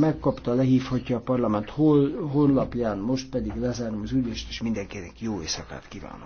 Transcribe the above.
megkapta, lehívhatja a parlament hol, honlapján, most pedig lezárom az ülést, és mindenkinek jó éjszakát kívánok.